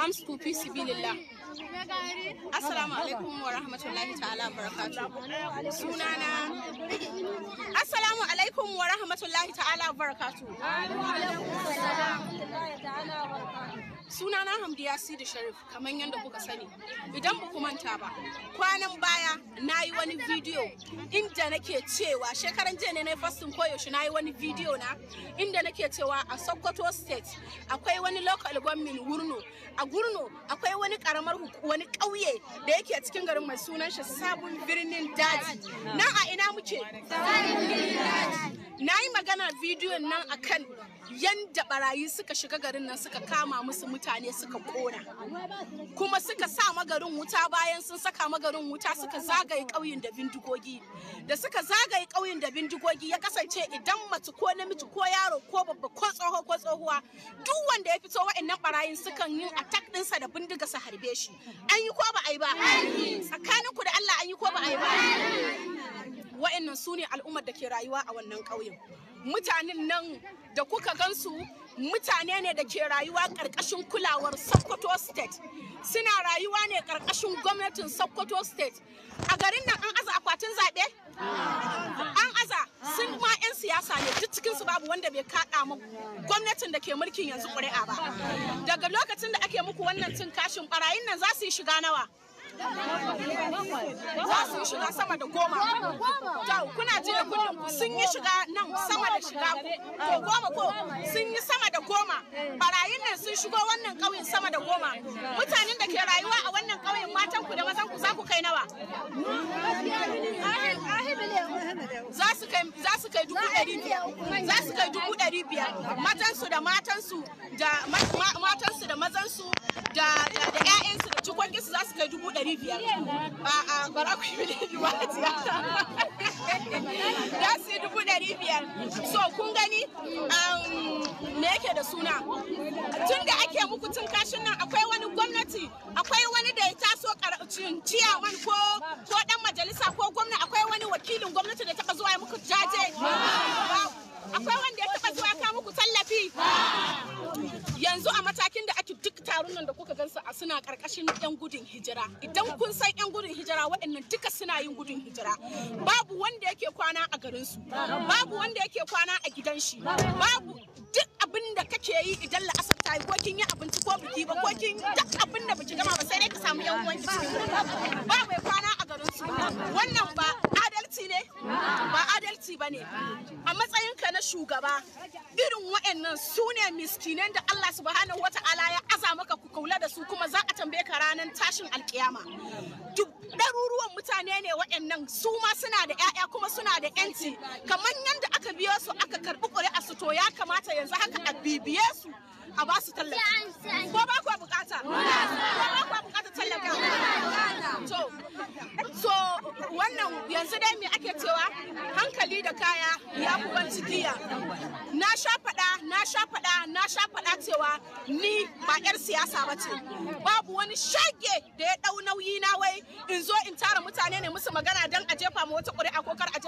am scoopy sibilillah assalamu alaikum wa rahmatullahi ta'ala barakatuh sunana assalamu alaikum wa rahmatullahi rahmatullahi ta'ala barakatu. Sunana Hamdiya Sidi Sharif kamar yadda kuka sani. Idan ba manta ba, kwanan baya na yi wani bidiyo inda nake cewa shekaran jiya ne na fastin koyaushe na yi wani bidiyo na inda nake cewa a Sokoto State akwai wani local government Wurno. A Gurno akwai wani karamar wani kauye da yake cikin garin mai sunan shi sabon birnin daji. Nan a ina muke? Sabon birnin daji. na yi magana bidiyon nan akan yadda barayi suka shiga garin nan suka kama musu mutane suka kona kuma suka sa magarin wuta bayan sun saka magarin wuta suka zagaye ƙauyen da bindigogi da suka zagaye ƙauyen da bindigogi ya kasance idan mace ko namiji ko yaro ko babba ko tsoho ko tsohuwa duk wanda ya fito wa'annan barayin sukan yi attack ɗinsa da bindiga su harbe shi an yi ko ba a ba tsakanin da Allah an yi ko ba a ba wa'annan su ne al'ummar da ke rayuwa a wannan ƙauyen mutanen nan da kuka gansu mutane ne da ke rayuwa ƙarƙashin kulawar sokoto state suna rayuwa ne ƙarƙashin gwamnatin sokoto state a garin nan an aza akwatin zaɓe an aza sun ma 'yan siyasa ne duk cikinsu babu wanda bai kaɗa mu gwamnatin da ke mulkin yanzu ƙuri'a ba daga lokacin da ake muku wannan cin kashin ɓarayin nan za su yi shiga nawa za su yi shiga sama da goma kuna ji da kudin sun yi shiga nan sama da shiga ko goma ko sun yi sama da goma barayin nan sun shigo wannan ƙauyen sama da goma mutanen da ke rayuwa a wannan ƙauyen matan ku da mazan ku za ku kai nawa za su kai dubu ɗari biyar za su kai dubu ɗari biyar matansu da matansu da matansu da mazansu da da ƴaƴansu da za su kai dubu ɗari biyar a a bara ku yi za su yi dubu ɗari biyar so kun gani um, me yake da suna tun da ake muku tun kashin nan akwai wani gwamnati akwai wani da ya taso ciyawan ko ko ƙarƙashin 'yan gudun hijira idan kun san 'yan gudun hijira waɗannan duka suna yin gudun hijira babu wanda yake kwana a garinsu babu wanda yake kwana a gidan shi babu duk abin da kake yi idan la'asar ta yi ko kin yi abinci ko biki ba ko kin duk abin da biki gama ba sai dai ka samu yan uwan babu ba kwana a garinsu wannan ba adalci ne ba adalci ba ne a matsayinka na shugaba irin wa'annan su ne miskinan da Allah subhanahu wata'ala ya aza maka ku kaula da su kuma za a tambaye ka ranar tashin alkiyama duk ɗaruruwan mutane ne wa'annan su ma suna da 'ya'ya kuma suna da 'yanci kamar yadda aka biyo su aka karɓi ƙuri'a su to ya kamata yanzu haka a bibiye su a ba su tallafi ko ba ku bukata ko ba ku bukata tallafi to wannan yanzu dai me ake cewa hankali da kaya ya kuban cikiya na sha faɗa na sha faɗa na sha faɗa cewa ni ba 'yar siyasa ba ce babu wani shage da ya ɗau nauyi na wai in zo in tara mutane ne musu magana don a jefa mu wata ƙuri'a ko kar a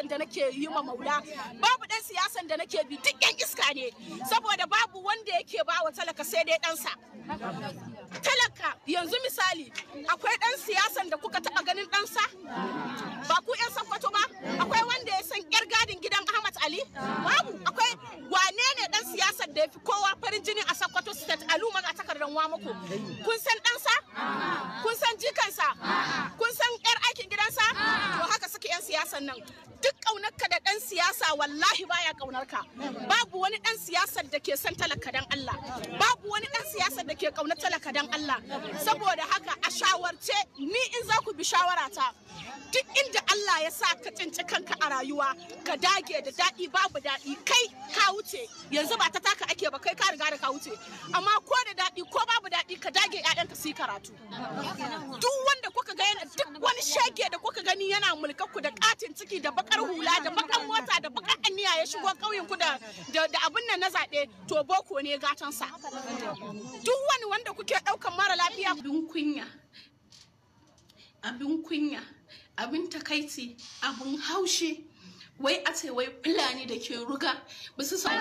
siyasan da nake yi ma maula babu dan siyasan da nake bi duk yan iska ne saboda babu wanda yake ba wa talaka sai dai ɗansa talaka yanzu misali akwai dan siyasan da kuka taba ganin ɗansa ba ku yan sakwato ba akwai wanda ya san yar gadin gidan ahmad ali babu akwai wane ne dan siyasar da ya fi kowa farin jini a sakwato state aluma ga takardar wa muku kun san ɗansa kun san jikansa kun san yar aikin gidansa to haka suke yan siyasan nan siyasa wallahi baya kaunar ka babu wani dan siyasar da ke son talaka dan Allah babu wani dan siyasar da ke kaunar talaka dan Allah saboda haka a shawarce ni in za ku bi shawara ta duk inda Allah ya sa ka tsinci kanka a rayuwa ka dage da daɗi babu daɗi kai ka wuce yanzu ba ta taka ake ba kai ka riga da ka wuce amma ko da daɗi ko babu daɗi ka dage 'ya'yanka su yi karatu duk duk wani shege da kuka gani yana ku da katin ciki da bakar hula da bakar mota da bakar aniya ya shigo ƙauyen ku da abin nan na zaɓe to boko ne sa duk wani wanda kuke ɗaukan mara lafiya abin kunya abin kunya abin takaici abin haushi wai a ce wai fulani da ke ruga ba su san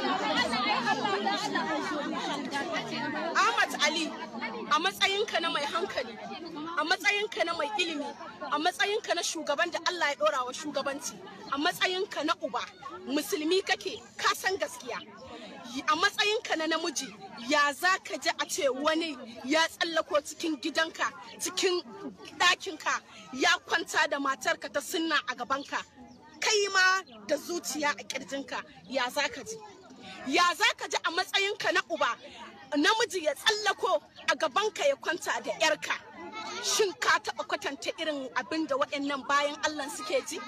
Ahmad Ali a matsayinka na mai hankali a matsayinka na mai ilimi a matsayinka na shugaban da Allah ya dora wa shugabanci a matsayinka na uba musulmi kake kasan gaskiya a matsayinka na namiji ya za ka ji a ce wani ya tsallako cikin gidanka cikin ɗakinka ya kwanta da matarka ta sunna a gabanka kai ma da zuciya a kirjinka ya za ka ji ya za ka ji a matsayinka na uba namiji ya tsallako a gabanka ya kwanta da yarka shin ka taɓa kwatanta irin abin da waɗannan bayan allah suke ji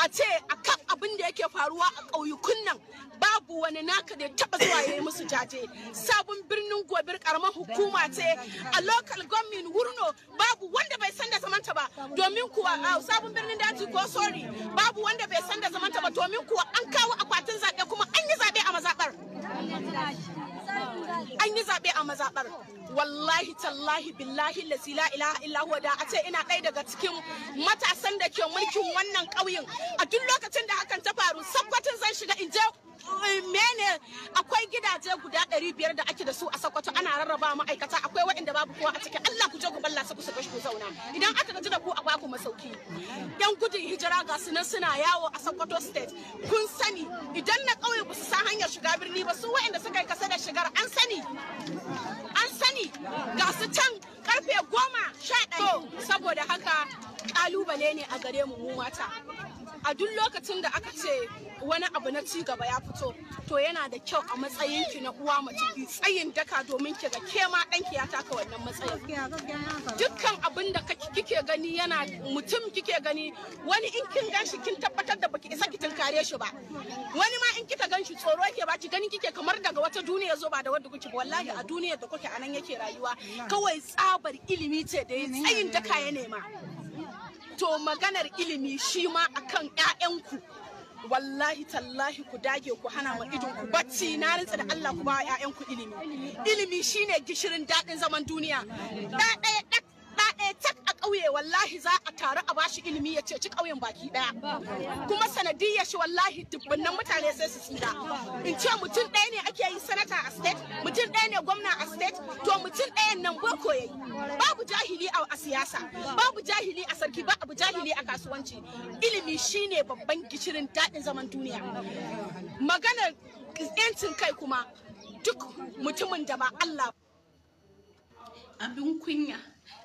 a ce a kan abin da yake faruwa a ƙauyukun nan babu wani naka da taɓa zuwa ya yi musu jaje sabon birnin gobir karamar hukuma ce a local government wurno babu wanda bai san da zamanta ba domin kuwa a sabon birnin daji ko sori babu wanda bai san da zamanta ba domin kuwa an kawo akwatin zaɓe kuma an yi zaɓe a mazaɓar an yi zaɓe a mazaɓar wallahi tallahi billahi la ilaha illa huwa da a ce ina ɗaya daga cikin matasan da ke mulkin wannan ƙauyen a duk lokacin da hakan ta faru sabbatin zan shiga in je akwai gidaje guda 500 da ake da su a Sokoto ana rarraba ma'aikata akwai waɗanda babu kowa a ciki Allah ku je ku balla su ku zauna idan aka gaji da ku a baku masauki yan gudun hijira ga su nan suna yawo a Sokoto state kun sani idan na ƙauye ba su sa hanyar shiga birni ba su waɗanda suka yi kasa da shigar an sani an sani ga su can karfe goma sha ɗaya saboda haka kalubale ne a gare mu mu mata a duk lokacin da aka ce wani abu na ci gaba ya fito to yana da kyau a matsayin ki na uwa mace ki tsayin daka domin ki ga ke ma danki ya taka wannan matsayin dukkan abin da kike gani yana mutum kike gani wani in kin ganshi kin tabbatar da baki isa ki tunkare shi ba wani ma in kika ganshi tsoro yake ba ki gani kike kamar daga wata duniya zo ba da wanda kuke wallahi a duniyar da kuke anan yake rayuwa kawai tsabar ilimi ce da tsayin daka ya nema to maganar ilimi shi ma akan 'ya'yanku wallahi tallahi ku dage ku hana ma idon ku bacci na rinsa da Allah ku ba 'ya'yanku ku ilimi ilimi shine gishirin daɗin zaman duniya ɗaya tak a ƙauye wallahi za a taru a bashi ilimi ya ceci ƙauyen baki ɗaya kuma sanadiyyar shi wallahi dubbannan mutane sai su tsira in ce mutum ɗaya ne ake yi sanata a state mutum ɗaya ne gwamna a state to mutum ɗayan nan boko yi babu jahili a siyasa babu jahili a sarki ba abu jahili a kasuwanci ilimi shine babban gishirin daɗin zaman duniya maganar 'yancin kai kuma duk mutumin da ba Allah abin kunya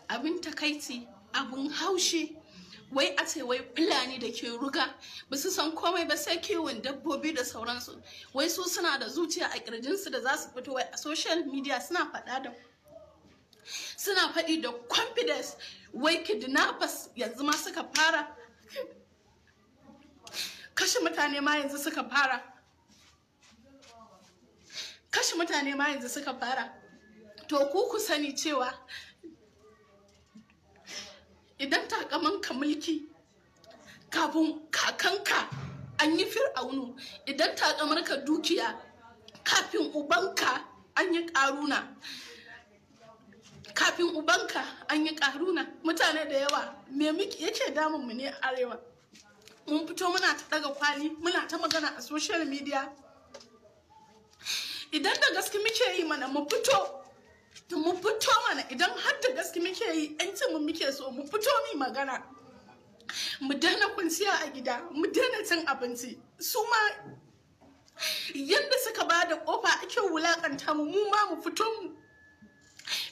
abin takaici abin haushi wai a ce wai fulani da ke ruga ba su san komai ba sai kiwon dabbobi da sauransu wai su suna da zuciya a kirjinsu da za su fito wai a social media suna faɗa da suna faɗi da confidence wai kidnappers yanzu ma suka fara kashe mutane ma yanzu suka fara kashe mutane ma yanzu suka fara to ku ku sani cewa idan takamanka mulki kafin kakanka an yi fir'aunu idan ka dukiya kafin ubanka an yi karuna kafin ubanka an yi karuna mutane da yawa me muke yake damun mu ne arewa mun fito muna ta daga kwali muna ta magana a social media idan da gaske muke yi mana mu fito to mu fito mana idan har da gaske muke yi yancin mu muke so mu fito mi magana mu daina kwanciya a gida mu daina cin abinci su ma yadda suka ba da kofa ake wulakanta mu mu ma mu fito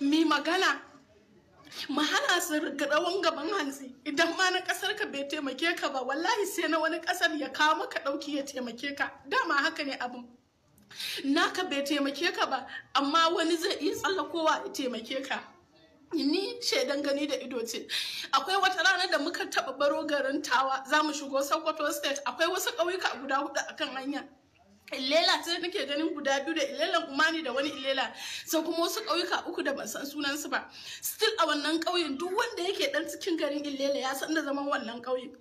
mu magana mu hana su rawan gaban hantsi idan ma na kasar ka bai taimake ka ba wallahi sai na wani kasar ya kawo maka dauki ya taimake ka dama haka ne abin naka bai taimake ka ba amma wani zai iya tsallakowa ya taimake ka ni shaidan gani da ido ce akwai wata rana da muka taba baro garin tawa za mu shigo sokoto state akwai wasu ƙauyuka guda hudu kan hanya Ilela sai nake ganin guda biyu da ilelan umani da wani ilela sai kuma wasu ƙauyuka uku da ban san sunan ba still a wannan ƙauyen duk wanda yake ɗan cikin garin ilela ya san da zaman wannan ƙauyen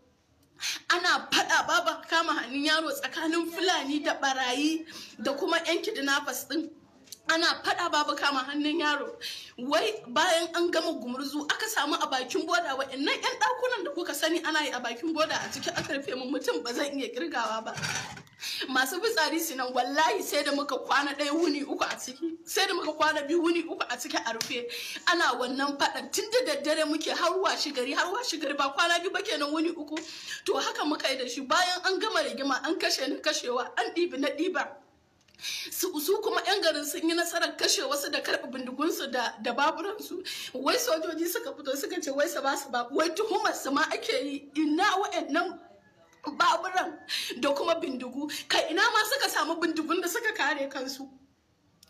ana fada baba kama hannun yaro tsakanin fulani da barayi da kuma yan kidnappers din ana fada babu kama hannun yaro wai bayan an gama gumurzu aka samu a bakin boda wa'annan yan dakunan da kuka sani ana yi a bakin boda a ciki aka rufe mu mutum ba zan iya kirgawa ba masu fitsari su nan wallahi sai da muka kwana ɗaya wuni uku a ciki sai da muka kwana biyu wuni uku a ciki a rufe ana wannan faɗan tun da daddare muke har washi gari har washi gari ba kwana biyu ba kenan wuni uku to haka muka yi da shi bayan an gama rigima an kashe na kashewa an ɗibi na ɗiba su kuma 'yan garin sun yi nasarar kashe wasu da karɓi bindigunsu da da baburansu wai sojoji suka fito suka ce wai su ba su ba wai tuhumar su ma ake yi ina wa'annan baburan da kuma bindigu kai ina ma suka samu bindigun da suka kare kansu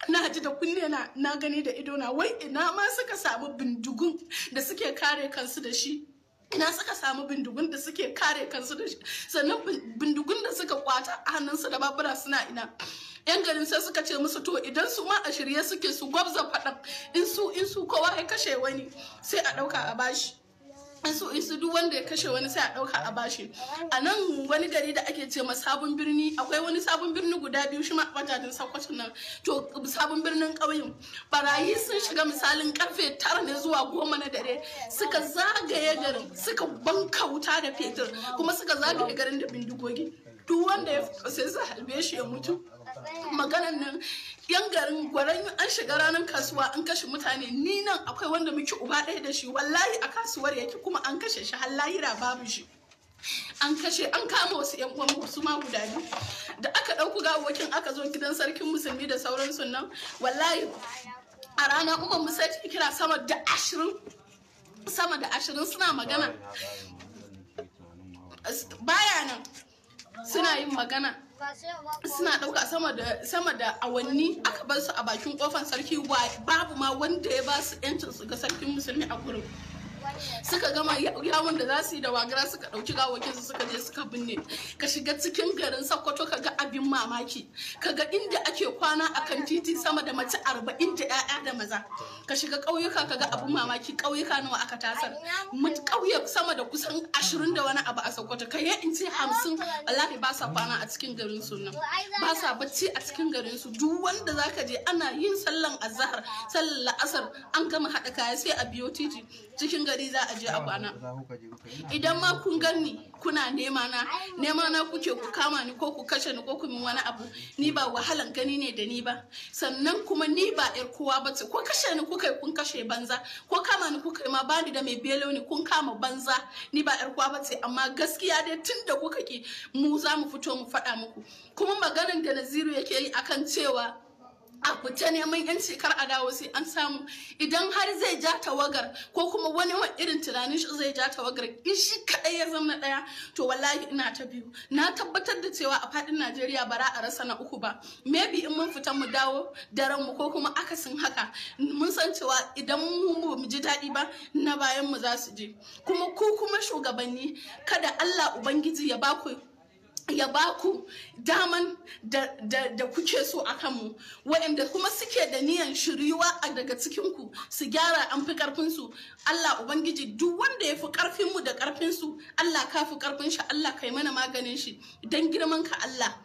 na ji da kunne na na gani da ido na wai ina ma suka samu bindigun da suke kare kansu da shi ina suka samu bindigun da suke kare kansu da shi sannan bindigun da suka kwata a hannunsu da babura suna ina yan garin sai suka ce musu to idan su ma a shirye suke su gwabza faɗan in su in su kowa ya kashe wani sai a ɗauka a bashi su isu duk wanda ya kashe wani sai a ɗauka a bashi a nan wani gari da ake ce sabon birni akwai wani sabon birni guda biyu shi ma wajajen sakwacin nan to sabon birnin ƙauyen barayi sun shiga misalin karfe tara ne zuwa goma na dare suka zagaye garin suka banka wuta da fetur kuma suka zagaye garin da bindigogi duk wanda ya sai su halbe shi ya mutu maganan nan yan garin gwaran an shiga ranar kasuwa an kashe mutane ni nan akwai wanda muke uba ɗaya da shi wallahi a kasuwar yake kuma an kashe shi har lahira babu shi an kashe an kama wasu yan uwan su ma guda biyu da aka ɗauku gawakin aka zo gidan sarkin musulmi da sauransu nan wallahi a rana umar musa kira sama da ashirin sama da ashirin suna magana baya suna yin magana suna ɗauka sama da awanni aka bar su a bakin kofan sarki babu ma wanda ya ba su 'yancin su ga sarkin musulmi a gurin suka gama yawon da za su yi da wagira suka ɗauki su suka je suka binne ka shiga cikin garin sokoto ka ga abin mamaki ka ga inda ake kwana a kan titi sama da mace arba'in da 'ya'ya da maza ka shiga ƙauyuka ka ga abin mamaki ƙauyuka nawa aka tasar ƙauye sama da kusan ashirin da wani abu a sokoto ka yi in ce hamsin wallahi ba sa kwana a cikin garin su nan ba sa bacci a cikin garin su duk wanda za ka je ana yin sallan azhar sallan la'asar an gama haɗa kaya sai a biyo titi cikin garin gari za a je a kwana idan ma kun gani kuna nema na nema na kuke ku kama ni ko ku kashe ni ko ku min wani abu ni ba wahalan gani ne da ni ba sannan kuma ni ba yar kowa ba ce ko kashe ni kuka kun kashe banza ko kama ni kuka ma bani da mai belo ni kun kama banza ni ba yar kowa ba ce amma gaskiya dai tun da kuka ke mu za mu fito mu faɗa muku kuma maganin da Naziru yake yi akan cewa a fita neman yanci kar a dawo sai an samu idan har zai ja tawagar ko kuma wani irin tunanin shi zai ja tawagar in shi kadai ya zama daya to wallahi ina ta biyu na tabbatar da cewa a fadin Najeriya bara a rasa na uku ba maybe in mun fita mu dawo daren mu ko kuma akasin haka mun san cewa idan mu mu ji daɗi ba na bayan mu za su je kuma ku kuma shugabanni kada Allah ubangiji ya ba ku ya ba ku daman da, kuke so a kanmu waɗanda kuma suke da niyan shiryuwa a daga cikinku su gyara an fi ƙarfinsu Allah Ubangiji duk wanda ya fi ƙarfinmu da ƙarfinsu Allah ka fi ƙarfin shi Allah kai mana maganin shi don girman ka Allah